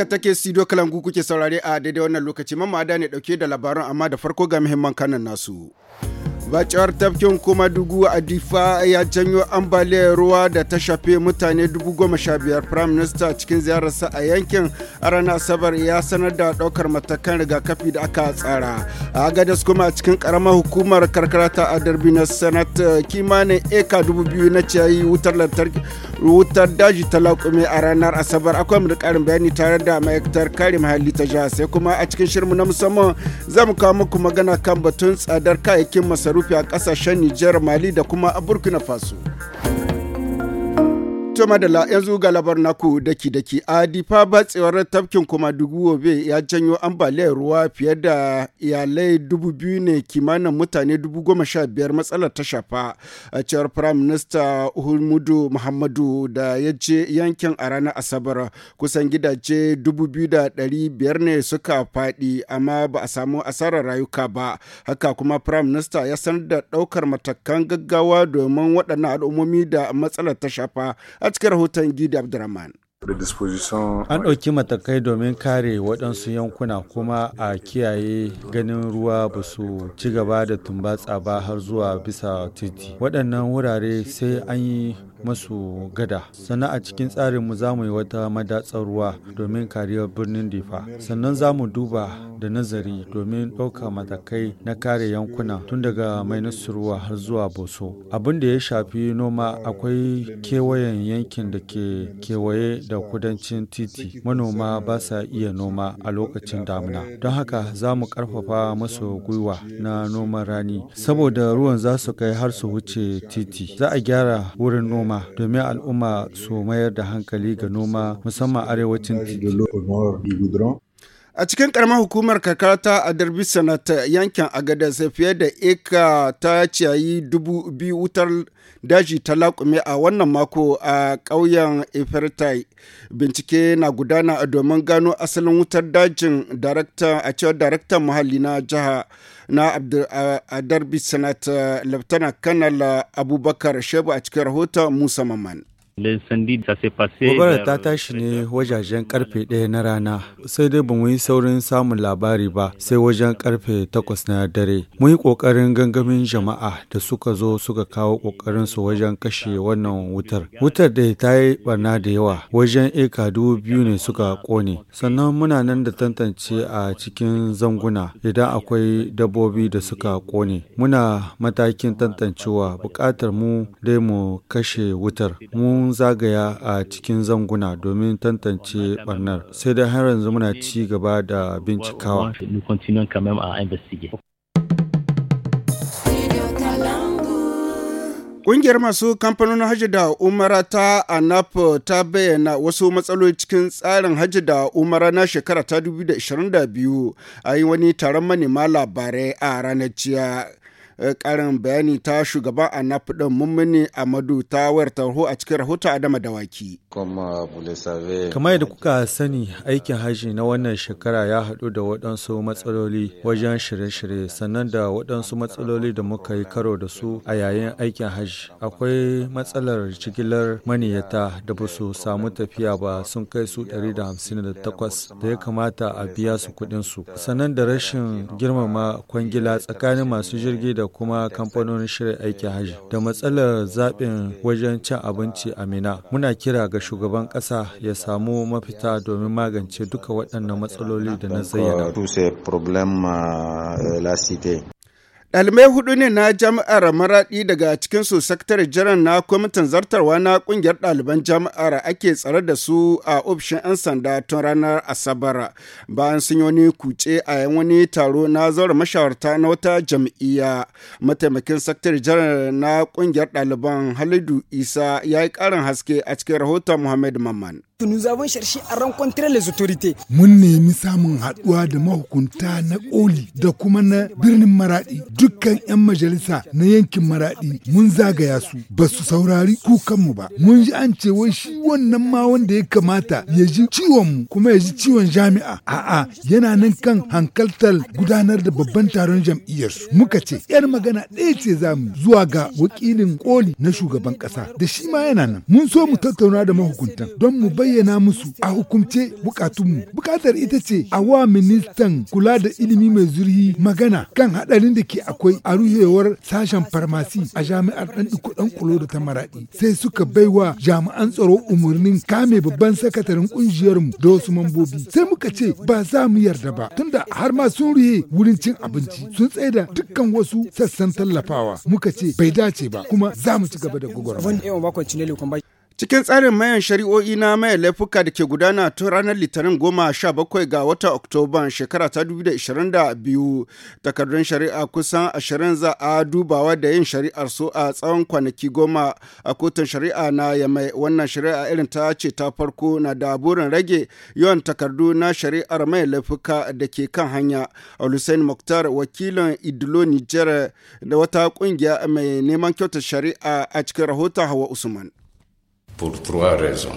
haka take studio kalangu kuke saurare a daidai wannan lokaci mamada ne dauke da labaran amma da farko ga muhimman kanan nasu. bacewar tafkin kuma dugu a difa ya janyo ambaliyar ruwa da ta shafe mutane dubu goma sha biyar prime minister cikin ziyararsa a yankin a ranar sabar ya sanar da daukar matakan rigakafi da aka tsara a gadas kuma a cikin karamar hukumar karkara ta adarbi na senate kimanin eka dubu biyu na ciyayi wutar lantarki wutar daji ta laƙume a ranar asabar akwai mu da ƙarin bayani tare da ma'aikatar kare muhalli ta jiha sai kuma a cikin shirin na musamman za mu kawo muku magana kan batun tsadar kayayyakin masarufi a ƙasashen nijar mali da kuma a burkina faso. To Madala yanzu ga naku daki daki a difa batsewar tafkin kuma dubu wobe ya janyo ambaliyar ruwa fiye da iyalai dubu biyu ne kimanin mutane dubu goma sha biyar matsalar ta shafa a cewar prime minister Uhumudu Muhammadu da ya je yankin a ranar Asabar kusan gidaje dubu biyu da ɗari biyar ne suka faɗi amma ba a samu asarar rayuka ba haka kuma prime minister ya sanar da ɗaukar matakan gaggawa domin waɗannan al'ummomi da matsalar ta shafa cikin rahoton Gidi Abdurrahman. An ɗauki matakai domin kare waɗansu yankuna kuma a kiyaye ganin ruwa ba su ci gaba da tumbatsa ba har zuwa bisa titi. Waɗannan wurare sai an yi masu gada sannan a cikin tsarinmu za mu yi wata madatsar ruwa domin kariyar birnin difa sannan za mu duba da nazari domin ɗauka matakai na kare yankuna tun daga mai ruwa har zuwa boso abin da ya shafi noma akwai kewayen yankin da ke kewaye da kudancin titi manoma ba sa iya noma a lokacin damina don haka za mu karfafa masu gwiwa na noman rani saboda ruwan za su kai har su wuce titi za a gyara wurin noma noma domin al'umma su mayar da hankali ga noma musamman arewacin A cikin karamar hukumar kakata ta darbi Sanata yankin agadas fiye da eka ta ciyayi dubu biyu wutar daji ta laƙume a wannan mako a ƙauyen Efertai. Bincike na gudana domin gano asalin wutar dajin a cewar daraktan muhalli na jiha na darbi Sanata Laftana Kanal Abubakar Shebu a cikin rahoton Musa Maman. ta gobara ta tashi ne wajajen karfe ɗaya na rana, sai dai ba mu yi saurin samun labari ba sai wajen karfe takwas na dare. muyi yi ƙoƙarin gangamin jama'a da suka zo suka kawo ƙoƙarinsu wajen kashe wannan wutar. Wutar da ta yi barna da yawa, wajen eka dubu biyu ne suka kone Sannan muna nan da tantance a cikin zanguna idan akwai dabbobi da suka kone Muna matakin tantancewa buƙatar mu dai mu kashe wutar. Mun zagaya a cikin zanguna domin tantance barnar sai dai har yanzu muna ci gaba da bincikawa Ƙungiyar masu kamfanonin hajji da umara ta ANAP ta bayyana wasu matsaloli cikin tsarin hajji da umara na shekara ta 2022 a yi wani taron manema labarai a ranar jiya. karin eh, bayani ta shugaban anaf din mummuni amadu ta wayar tarho a cikin rahoton adama dawaki euh, kamar yadda kuka sani aikin haji na wannan shekara ya haɗu da waɗansu matsaloli wajen shirye-shirye sannan da waɗansu matsaloli da muka yi karo da su a yayin aikin haji akwai matsalar jigilar maniyata da ba su samu tafiya ba sun kai su 158 da ya kamata a biya su kuɗinsu sannan da rashin girmama kwangila tsakanin masu jirgi da kuma kamfanonin shirin aikin hajji da matsalar zaɓin wajen cin abinci a mina muna kira ga shugaban ƙasa ya samu mafita domin magance duka waɗannan matsaloli da na zayyana Ɗalibai hudu ne na jami'ar Maraɗi daga cikin su sakatare jiran na kwamitin zartarwa na ƙungiyar ɗaliban jami'ar ake tsare da su a ofishin 'yan sanda tun ranar Asabar bayan sun yi wani kuce a yan wani taro na zaura mashawarta na wata jam'iyya. Mataimakin sakatare jiran na ƙungiyar ɗaliban Halidu Isa ya yi ƙarin haske a cikin rahoton Muhammad Mamman. nous avons cherché à rencontrer les autorités. Mun nemi samun haɗuwa da mahukunta na koli da kuma na birnin Maraɗi dukkan 'yan majalisa na yankin Maraɗi mun zagaya su ba su saurari kukanmu ba. Mun ji an ce wai shi wannan ma wanda ya kamata ya ji mu kuma ya ji ciwon jami'a. A'a yana nan kan hankaltar gudanar da babban taron jam'iyyar su Muka ce 'yar magana ɗaya ce za mu zuwa ga wakilin koli na shugaban ƙasa da shi ma yana nan. Mun so mu tattauna da mahukuntan don mu bai bayyana musu a hukumce bukatunmu. Bukatar ita ce a wa ministan kula da ilimi mai zurhi magana kan haɗarin da ke akwai a ruhewar sashen farmasi a jami'ar ɗan iko ɗan kulo da ta maraɗi. Sai suka baiwa jami'an tsaro umarnin kame babban sakataren ƙungiyarmu da wasu mambobi. Sai muka ce ba za mu yarda ba tunda har ma sun ruhe wurin cin abinci sun da dukkan wasu sassan tallafawa muka ce bai dace ba kuma za mu ci gaba da gugurawa. Cikin tsarin mayan shari'o'i na mayan laifuka da ke gudana tun ranar Litinin goma sha bakwai ga watan Oktoban shekara ta biyu takardun shari'a kusan ashirin za a dubawa da yin shari'ar su a tsawon kwanaki goma a kotun shari'a na yamai wannan shari'a irin ta ce ta farko na da burin rage yawan takardu na shari'ar mayan laifuka da ke kan hanya. Hussein Mokhtar wakilin Idilo Nijar da wata kungiya mai neman kyautar shari'a a cikin rahoton Hawa Usman.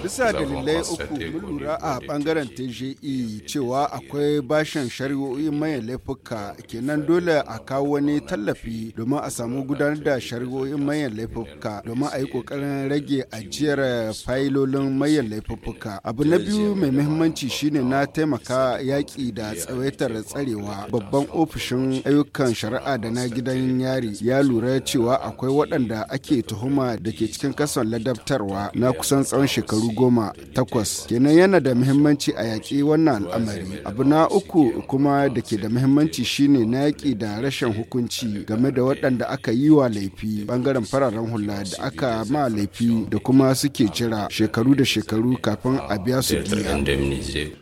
Bisa dalilai uku mun lura a bangaren TGE cewa akwai bashin shari'o'i mai laifuka kenan dole a kawo wani tallafi domin a samu gudanar da shari'o'i mayan laifuka domin a yi kokarin rage ajiyar fayilolin mayan laifuka. Abu na biyu mai muhimmanci shine na taimaka yaƙi da tsawaitar tsarewa babban ofishin ayyukan shari'a da na gidan yari ya lura cewa akwai waɗanda ake tuhuma da ke cikin kasan ladabtarwa na kusan tsawon shekaru goma takwas kenan yana da muhimmanci a yaƙi wannan al'amari abu na uku kuma da ke da muhimmanci shine na yaƙi da rashin hukunci game da waɗanda aka yi wa laifi bangaren fararen hula da aka ma laifi da kuma suke jira shekaru da shekaru kafin a biya su diya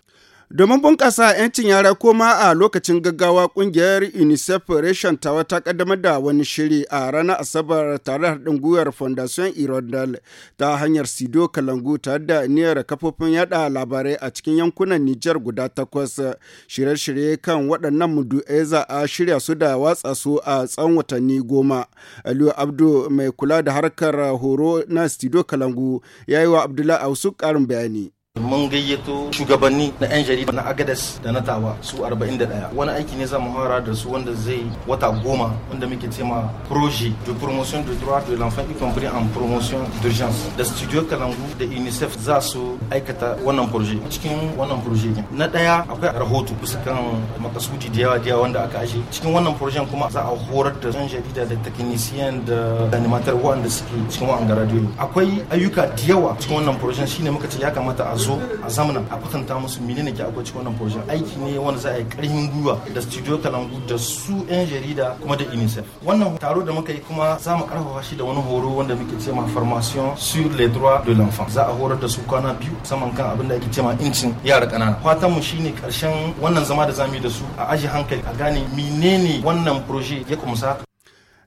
Domin bunƙasa 'yancin yara koma a lokacin gaggawa ƙungiyar UNICEF Reshen Tawa ta kaddamar da wani shiri a ranar Asabar tare da haɗin gwiwar Fondation Irondale ta hanyar Sido Kalangu tare da niyyar kafofin yada labarai a cikin yankunan Nijar guda takwas. Shirye-shirye kan waɗannan mudu za a shirya su da watsa su a tsawon watanni goma. Aliyu Abdu mai kula da harkar horo na Sido Kalangu ya yi wa Abdullahi Ausu ƙarin bayani. mun gayyato shugabanni na 'yan jarida na agadas da na tawa su 41 wani aiki ne zamu hara da su wanda zai wata goma wanda muke cema projet de promotion de droit de l'enfant y compris en promotion d'urgence da studio kalangu da unicef za su aikata wannan projet cikin wannan projet na daya akwai rahoto kusa kan makasudi da yawa da wanda aka ashe cikin wannan projet kuma za a horar da 'yan jarida da technician da animator wanda suke cikin wa'anga radio akwai ayyuka da yawa cikin wannan projet shine muka ce ya kamata a zo a zamana a kwatanta musu menene ke akwai cikin wannan projin aiki ne wanda za a yi karfin gwiwa da studio talangu da su yan jarida kuma da unicef wannan taro da muka yi kuma za mu karfafa shi da wani horo wanda muke ce ma formation sur les droits de l'enfant za a horar da su kwana biyu saman kan abin da ake ce ma incin yara kanana fatan mu shine karshen wannan zama da zamu yi da su a aji hankali a gane menene wannan projet ya kumsa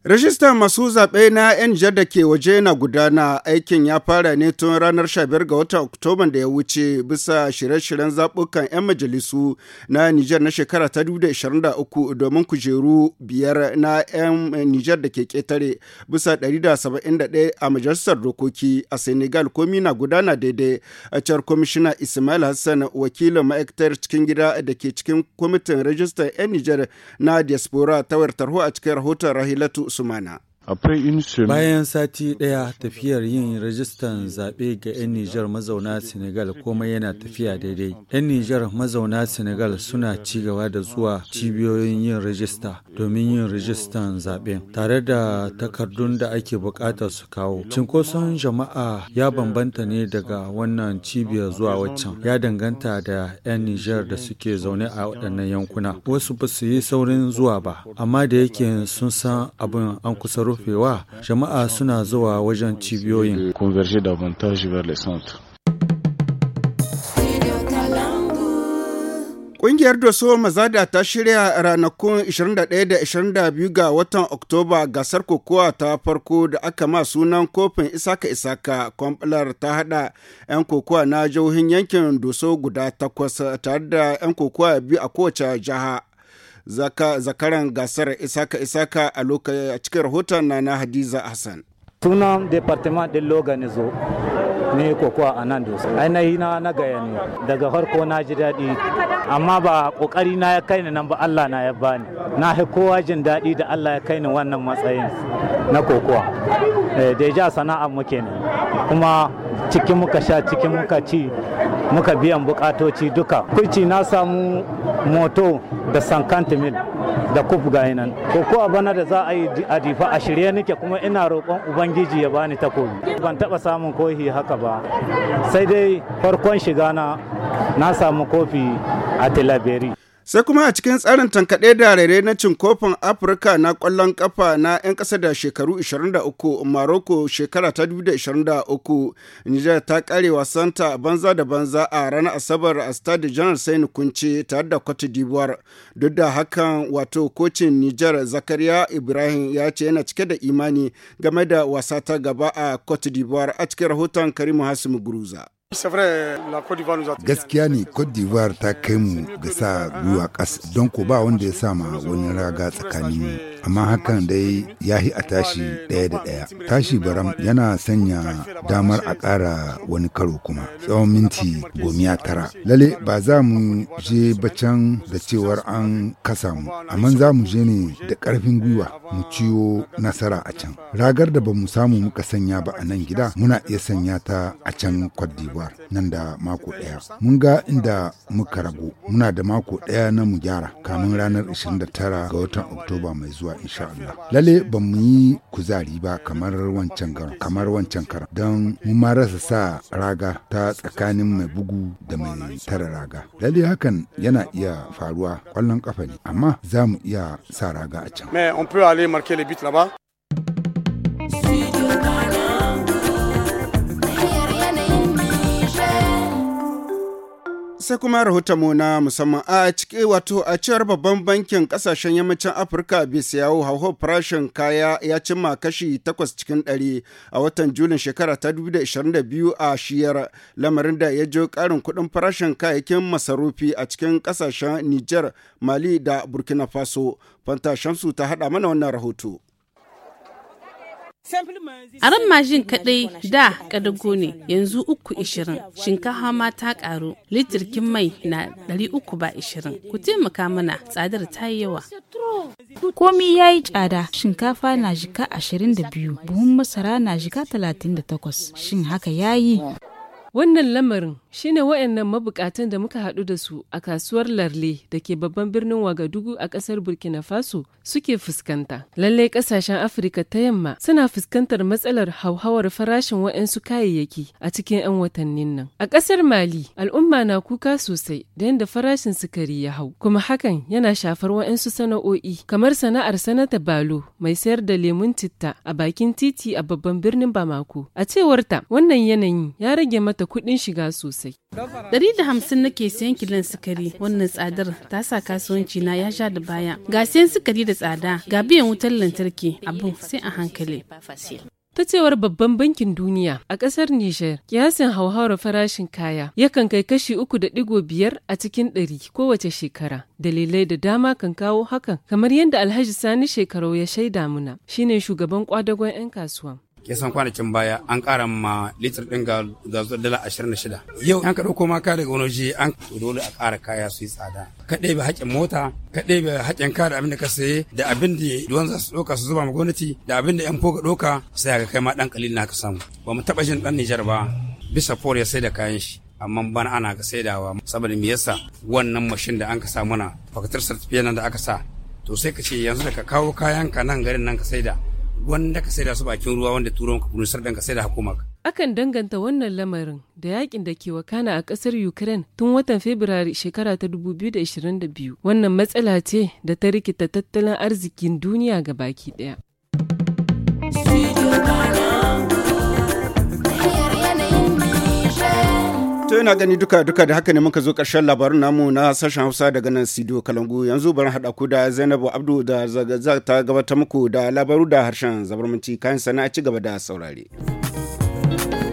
rajista masu zaɓe na 'yan jihar da ke waje na gudana aikin ya fara ne tun ranar 15 ga watan Oktoban da ya wuce bisa shirye-shiryen zaɓukan 'yan majalisu na Nijar na shekara ta 2023 domin kujeru biyar na 'yan Nijar da ke ƙetare bisa 171 a majalisar dokoki a Senegal komi na gudana daidai a car kwamishina Ismail Hassan wakilin ma'aikatar cikin gida da ke cikin kwamitin rajistar 'yan Nijar na diaspora ta tawar tarho a cikin rahoton Rahilatu sumana Bayan sati ɗaya tafiyar yin rajistan zaɓe ga 'yan Nijar mazauna Senegal komai yana tafiya daidai. 'Yan Nijar mazauna Senegal suna ci gaba da zuwa cibiyoyin yin rajista domin yin rajistan zaɓe tare da takardun da ake buƙatar su kawo. Cinkoson jama'a ya bambanta ne daga wannan cibiyar zuwa waccan. Ya danganta da 'yan Nijar da suke zaune a waɗannan yankuna. Wasu ba su yi saurin zuwa ba, amma da yake sun san abin an kusa rufewa jama'a suna zuwa wajen cibiyoyin Ƙungiyar Doso Mazada ta shirya ranakun 21 da 22 ga watan Oktoba gasar kokowa ta farko da aka ma sunan kofin Isaka Isaka kwamfular ta hada 'yan kokowa na jihohin yankin Doso guda takwas tare da 'yan kokowa biyu a kowace jiha. zakaran gasar isaka isaka a cikin rahoton na na hadiza hassan sunan departement ɗin loganizo ne kokowa a nan dosa ainihi na na gaya ne daga farko na ji daɗi amma ba ƙoƙari na ya kai ni nan ba Allah na ya bani na fi kowa jin daɗi da Allah ya kai ni wannan matsayin na kokowa eh, da ja sana'a muke ne kuma cikin muka sha cikin muka ci muka biyan bukatoci duka kuci na samu moto da sankantimil da kuf ga nan ko ko a bana da za a yi adifa a shirye nake kuma ina roƙon ubangiji ya bani takobi ban taba samun kofi haka ba sai dai farkon shiga na na samu kofi a tilaberi sai kuma a cikin tsarin tankaɗe da rere na cin afirka na ƙwallon ƙafa na 'yan ƙasa da shekaru 23 maroko shekara ta 2023 nijar ta ƙare wasanta banza da banza a ranar asabar a stade janar sain kunce tare da cote d'ivoire duk da hakan wato kocin nijar zakariya ibrahim ya ce yana cike da imani game da wasa ta gaba a cote d'ivoire a cikin rahoton karimu hasim guruza Gaskiya ne Côte d'Ivoire ta kai mu ga sa gwiwa ƙasa don ko ba wanda ya sama wani raga tsakanin mu. amma hakan dai ya hi a tashi ɗaya da ɗaya. Tashi baram yana sanya damar a ƙara wani karo kuma tsawon minti gomiya tara. Lale ba za mu je bacan da cewar an kasa mu, amma za mu je ne da ƙarfin gwiwa mu ciwo nasara a can. Ragar da ba mu samu muka sanya ba a nan gida muna iya sanya ta a can Cote d'Ivoire nan da mako ɗaya. Mun ga inda muka rago muna da mako ɗaya na mu gyara kamin ranar 29 ga watan Oktoba mai zuwa insha Allah lalle ba mu yi kuzari ba kamar wancan karon kamar wancan karon don mu marasa sa raga ta tsakanin mai bugu da mai tara raga lalle hakan yana iya faruwa kwallon kafa ne amma za mu iya sa raga a can mais on peut aller marquer les buts là-bas sai kuma mu na musamman a ciki wato a cewar babban bankin kasashen yammacin afirka bisa yawo hauhau farashin kaya ya cimma kashi 8 cikin 100 a watan julin shekara ta 2022 a shiyar lamarin da ya jo karin kudin farashin kayayyakin masarufi a cikin kasashen niger mali da burkina faso fanta shamsu ta hada mana wannan rahoto ran majin kaɗai da ƙadago ne yanzu uku ishirin shinkafa ma ta ƙaru litirkin mai na ɗari uku ba ishirin ku taimaka mana tsadar ta yi yawa. Komi ya yi tsada shinkafa na jika ashirin da biyu buhun masara na jika talatin da takwas shin haka ya yi. Wannan lamarin shi ne waɗannan mabukatan da muka haɗu da su a kasuwar larle da ke babban birnin wagadugu a ƙasar burkina faso suke fuskanta lallai ƙasashen afirka ta yamma suna fuskantar matsalar hauhawar farashin waɗansu kayayyaki a cikin 'yan watannin nan a ƙasar mali al'umma na kuka sosai da yadda farashin sukari ya hau kuma hakan yana shafar waɗansu sana'o'i kamar sana'ar sanata balo mai sayar da lemun citta a bakin titi a babban birnin bamako a cewarta wannan yanayin ya rage mata kuɗin shiga sosai sosai. Ɗari da hamsin nake siyan kilon sukari wannan tsadar ta sa kasuwanci na ya sha da baya. Ga siyan sukari da tsada ga biyan wutar lantarki abu sai a hankali. Ta cewar Babban Bankin Duniya a ƙasar Nijar, kiyasin hauhawar farashin kaya yakan kai kashi uku da ɗigo biyar a cikin ɗari kowace shekara. Dalilai da dama kan kawo hakan, kamar yadda Alhaji Sani shekarau ya shaida muna, shine shugaban ƙwadagon 'yan kasuwa. san kwanakin baya an kara ma litir ɗin ga dala ashirin da shida yau an ka ɗauko ma ka daga wani waje an dole a ƙara kaya su yi tsada ka ɗebe haƙƙin mota ka ɗebe haƙƙin ka da abin da ka saye da abin da duwan za su ɗauka su zuba ma gwamnati da abin da yan foga ɗauka sai ga kai ma ɗan ƙalil na ka samu ba mu taɓa jin ɗan Nijar ba bisa for ya sai da kayan shi amma bana ana ka saidawa saboda me yasa wannan mashin da an ka sa mana fakatar certificate nan da aka sa to sai ka ce yanzu da ka kawo kayan ka nan garin nan ka saida wanda ka saida su bakin ruwa wanda turon ka kunusar dan ka saida hukuma akan danganta wannan lamarin da yakin da ke wakana a ƙasar Ukraine tun watan Fabrairu shekara ta 2022 wannan matsala ce da ta rikita tattalin arzikin duniya ga baki ɗaya. to yana gani duka duka da haka ne muka zo karshen labarin namu na sashen hausa daga nan Sido kalangu yanzu bari haɗa ku da zainabu abdu da ta gabatar muku da labaru da harshen zabarmanci kayan sana'a ci gaba da saurare.